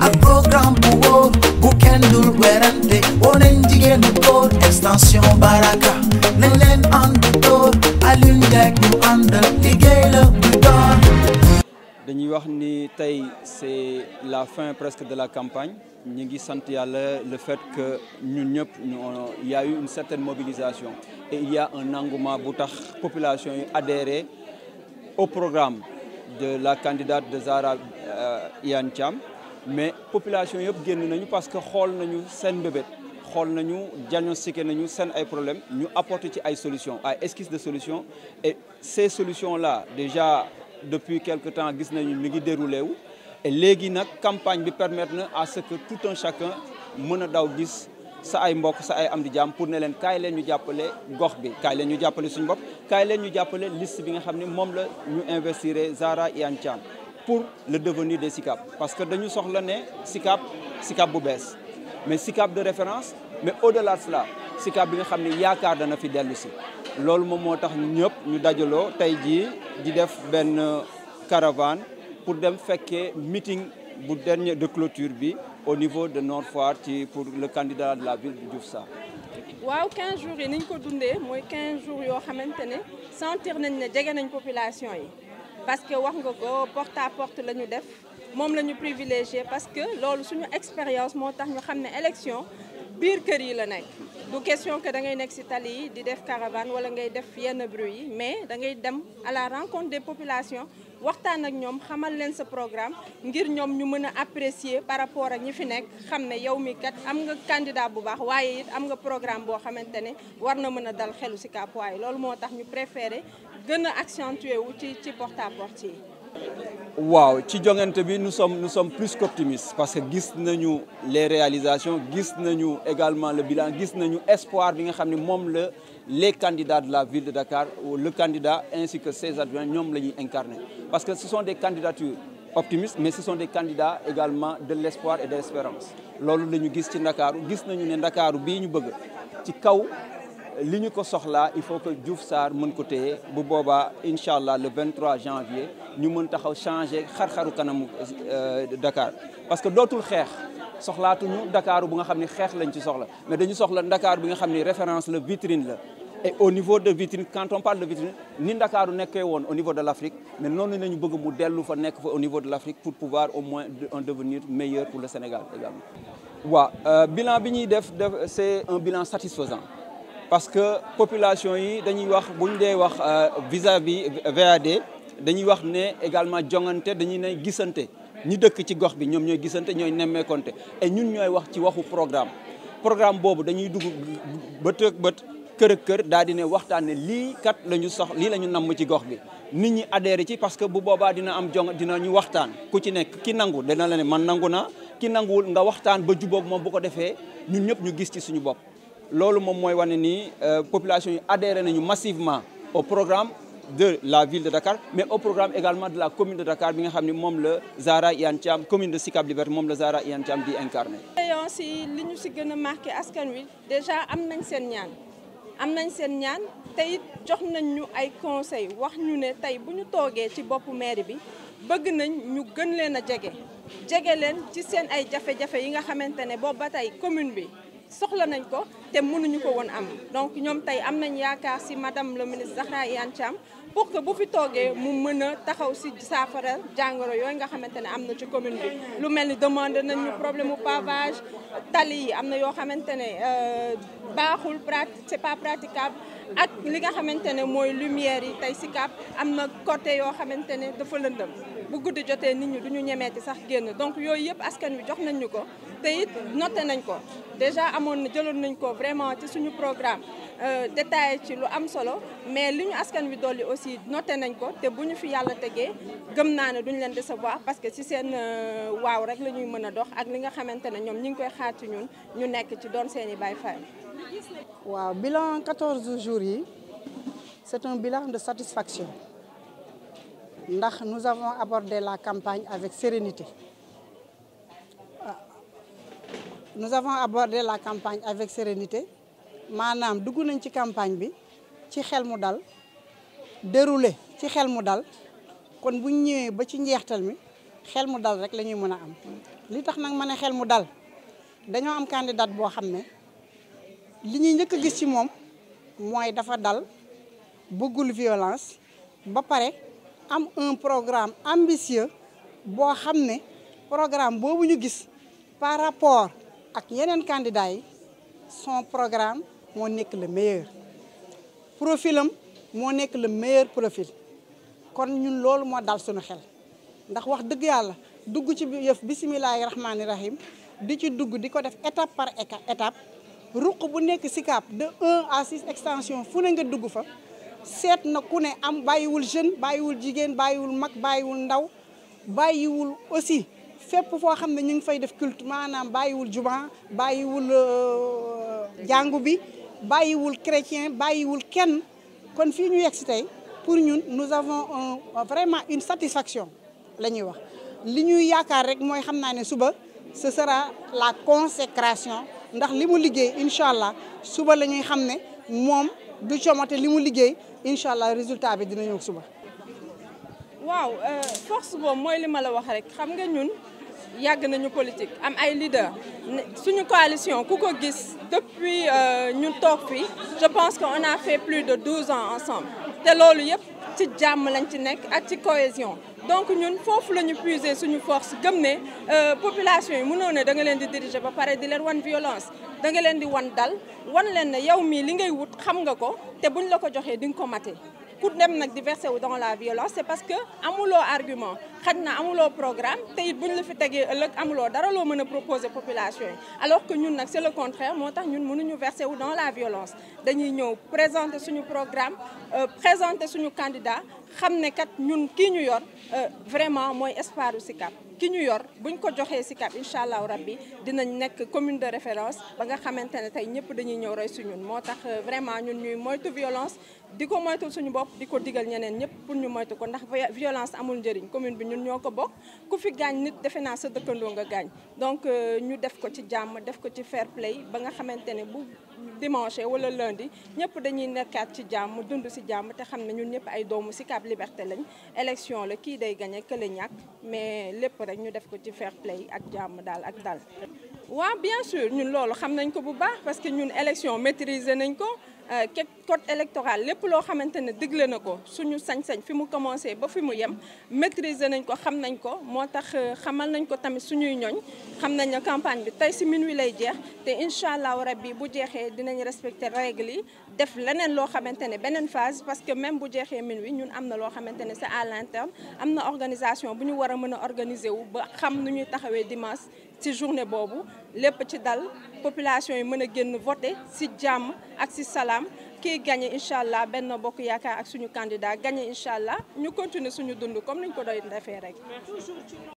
ak programme wax ni tey c'est la fin presque de la campagne ñu ngi sant yàlla le fait que ñun ñëpp il y a eu une certaine mobilisation et il y a un engouement bu tax population yi adhéré au programme de la candidate de Zahra euh, Iyane Thiam mais population yëpp génn nañu parce que xool nañu seen mbébét xool nañu diagnostiqué nañu seen ay problème ñu apporter ci ay solution ay esquisses de solution et ces solution la déjà depuis quelque temps gis nañu mi ngi déroulé wu. et léegi nag campagne bi permettre na à ce que tout un chacun mën a daw gis sa ay mbokk sa ay am di jàmm pour ne leen kaay leen ñu jàppale gox bi kaay leen ñu jàppale suñ bopp kaay leen ñu jàppale liste bi nga xam ne moom la ñu investir Zahra Iyane Thiam pour le devenir de SICAP parce que dañu soxla ne SICAP SICAP bu bees mais SICAP de référence mais au de de cela SICAP bi nga xam ne yaakaar dana fi dellusi loolu moom moo tax ñëpp ñu dajaloo tey jii di def benn caravane pour dem fekkee meeting bu dernier de clôture bi au niveau de Nord Foire ci pour le candidat de la ville de Diouf Sarr waaw yi niñ ko dundee mooy yoo xamante ne sentir nañ ne jege nañ population yi parce que wax nga ko porte à porte la ñu def moom la ñu privilégié parce que loolu suñu expérience moo tax ñu xam ne élection biir kër yi la nekk bu question que da ngay nekk ci tali yi di def caravane wala ngay def yenn bruit yi mais da ngay dem à la rencontre des populations waxtaan ak ñoom xamal leen sa programme ngir ñoom ñu mën a apprécier par rapport ak ñi fi nekk xam ne yow mi kat am nga candidat bu baax waaye it am nga programme boo xamante ne war na mën a dal xelu Sicap Waaye loolu moo tax ñu préféré gën a wu ci ci porte à yi. waaw ci jongante bi nous sommes nous plus qu'optimistes parce que gis nañu les réalisations gis nañu également le bilan gis nañu espoir bi nga xam ne moom la les candidats de la ville de Dakar ou le candidat ainsi que ses adjoints ñoom la ñuy incarner parce que ce sont des candidatures optimistes mais ce sont des candidats également de l'espoir et de l'espérance loolu la gis ci Ndakaaru gis nañu ne Ndakaaru bii ñu bëgg ci kaw li ñu ko soxla il faut que Diouf Sarr mën ko téye bu booba incha allah le 23 janvier ñu mën taxaw changer xar kanam kanamu euh, Dakar parce que dootul xeex soxlaatuñu Dakar bu nga xam ne xeex lañ ci soxla mais dañu soxla Dakar bi nga xam ni référence la vitrine la. et au niveau de vitrine quand on parle de vitrine ni Ndakaaru nekkee woon au niveau de l'Afrique mais noonu nañu bëgg mu dellu fa nekk fa au niveau de l'Afrique pour pouvoir au moins un devenir meilleur pour le Sénégal également. waaw euh, bilan bi ñuy def c'est un bilan satisfaisant. parce que population yi dañuy wax bu ñu dee wax euh, vis-à-vis VAD dañuy wax ne également jongante dañuy ne gisante ñi dëkk ci gox bi ñoom ñooy gisante ñooy nemmeekonte et ñun ñooy wax ci waxu programme programme boobu dañuy dugg bët bët kër kër daal di ne waxtaan ne lii kat la ñu sox lii la ñu namm ci gox bi nit ñi adhéré ci parce que bu boobaa dina am jong dina ñu waxtaan ku ci nekk ki nangu dana la ne man nangu na ki nanguwul nga waxtaan ba jubóog moom bu ko defee ñun ñëpp ñu gis ci suñu bopp loolu moom mooy wane ni euh, population yi adhéré nañu massivement au programme de la ville de Dakar mais au programme également de la commune de Dakar bi nga xam ne moom la Zahra Iyane Thiam commune de Sicap Liberté moom la Zahra Iyane Thiam di incarné. doléance yi li ñu si gën a marqué askan wi déjà am nañ seen ñaan am nañ seen ñaan te jox nañ ñu ay conseil wax ñu ne tey bu ñu toogee ci boppu mairie bi bëgg nañ ñu gën leen a jege jege leen ci seen ay jafe yi nga xamante ne boobu ba tey commune bi. soxla nañ ko te mënuñu ko woon am donc ñoom tey am nañ yaakaar si madame le ministre Zahra Iyane Thiam pour que bu fi toogee mu mën a taxaw si saafara jàngoro yooyu nga xamante ne am na ci commune bi lu mel ni demande nañ ñu problème mu pavage tali yi am na yoo xamante ne euh, baaxul pratique c'est pas praticable ak li nga xamante ne mooy lumière yi tey Sicap am na côté yoo xamante ne dafa lëndëm bu guddi jotee nit ñi du ñu ñemee ñemeeti sax génn donc yooyu yëpp askan wi jox nañ ñu ko te it noté nañ ko déjà amoon na jëloon nañ ko vraiment ci suñu programme euh, détaillé ci lu am solo mais li ñu askan wi dolli aussi noté nañ ko te bu ñu fi yàlla tegee gëm naa ne duñ leen décevoir parce que ci seen euh, waaw rek la ñuy mën a dox ak li nga xamante ne ñoom ñu ngi koy xaar c ñun ñu nekk ci doon seen i Baay Faal waaw bilan 14 jours yi c'est un bilan de satisfaction ndax nous avons abordé la campagne avec sérénité ah, nous avons abordé la campagne avec sérénité maanaam dugg nañ ci campagne bi ci xel mu dal déroulé ci xel mu dal kon bu ñëwee ba ci njeextal mi xel mu dal rek lañuy ñuy mën a am li tax nag ma ne xel mu dal dañoo am candidat boo xam ne li ñuy njëkk a gis ci moom mooy dafa dal bëggul violence ba pare am un programme ambitieux boo xam ne programme boobu ñu gis par rapport ak yeneen candidats yi son programme moo nekk le meilleur profilam moo nekk le meilleur profil kon ñun loolu moo dal sunu xel ndax wax dëgg yàlla dugg ci yëf bisimilahi rahmaani rahim di ci dugg di ko def étape par étape ruq bu nekk Sicap de 1 à 6 extension fu ne nga dugg fa seet na ku ne am bàyyiwul jeune bàyyiwul jigéen bàyyiwul mag bàyyiwul ndaw bàyyiwul aussi fépp foo xam ne ñu ngi fay def culte maanaam bàyyiwul jumaa bàyyiwul euh, jàngu bi bàyyiwul chrétien bàyyiwul kenn kon fii ñu yegg si tey pour ñun nous avons un vraiment une satisfaction la ñuy wax li ñuy yaakaar rek mooy xam naa ne suba ce sera la consécration ndax li mu liggéey incha allah suba la ñuy xam ne moom du comate li mu liggéey incha allah résultat bi dina ñëw suba. waaw euh, force boobu mooy li ma la wax rek xam nga ñun yàgg nañu politique am ay leader suñu coalition ku ko gis depuis euh, ñu toog fii je pense que on a fait plus de douze ans ensemble te loolu yëpp ci jàmm lañ ci nekk ak ci cohésion. donc ñun foofu la ñu puiser suñu force gëm ne euh, population yi mënoo ne da nga leen di diriger ba pare di leen wan violence danga leen di wan dal wan leen ne yow mii li ngay wut xam nga ko te bu ñu la ko joxee di nga ko mate pour dem nag di verser wu dans la violence c'est parce que amuloo argument xaj na amuloo programme te it bu ñu la fi tegee ëllëg amuloo dara loo mën a proposer population yi alors que ñun nag c'est le contraire moo tax ñun mënuñu verser wu dans la violence dañuy ñëw présenter suñu programme euh, présenter suñu candidat xam ne kat ñun kii ñu yor euh, vraiment mooy espoir u ki ñu yor bu ñu ko joxee Sicap incha allahu rabbi dinañ nekk commune de référence ba nga xamante ne tey ñëpp dañuy ñëw roy suñun moo tax euh, vraiment ñun ñuy moytu violence di ko moytu suñu bopp di ko digal ñeneen ñëpp pour ñu moytu ko ndax violence amul njëriñ commune bi ñun ñoo ko bokk ku fi gaañ nit defe naa sa dëkkandoo nga gaañ donc euh, ñu def ko ci jàmm def ko ci fair play ba nga xamante ne bu dimanche wala lundi ñëpp dañuy nekkaat ci jàmm dund si jàmm te xam na ñun ñëpp ay doomu Sicap Liberté lañ élection la kii day gagné kële ñàkk mais lépp rek ñu def ko ci fair play ak jàmm daal ak dal waaw bien sûr ñun loolu xam nañ ko bu baax parce que ñun élection maîtriser nañ ko Euh, kek code électoral lépp loo xamante ne digle na ko suñu sañ-sañ fi mu commencé ba fi mu yem maîtriser nañ ko xam nañ ko moo tax euh, xamal nañ ko tamit suñuy ñooñ xam nañ na campagne bi tey si wi lay jeex te incha allahu rabbi bu jeexee dinañ respecter règle yi def leneen loo xamante ne beneen phase parce que même bu jeexee minuit ñun am na loo xamante ne si à l'interne am na organisation bu ñu war a mën a organiser wu ba xam nu ñuy taxawee dimas ci journée boobu lépp ci dal population yi mën a génn voter ci jàmm ak ci salaam kii gagné incha allah benn bokk yaakaar ak suñu candidat gagné incha allah ñu continuer suñu dund comme niñ ko doon defee rek.